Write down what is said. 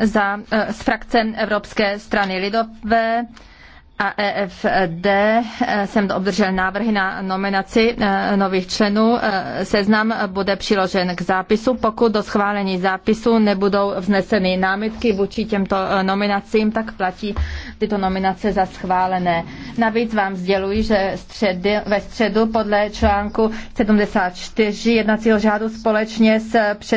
za, eh, z frakce Evropské strany lidové a EFD eh, jsem obdržel návrhy na nominaci eh, nových členů. Seznam bude přiložen k zápisu. Pokud do schválení zápisu nebudou vzneseny námitky vůči těmto nominacím, tak platí tyto nominace za schválené. Navíc vám sděluji, že středy, ve středu podle článku 74 jednacího řádu společně s před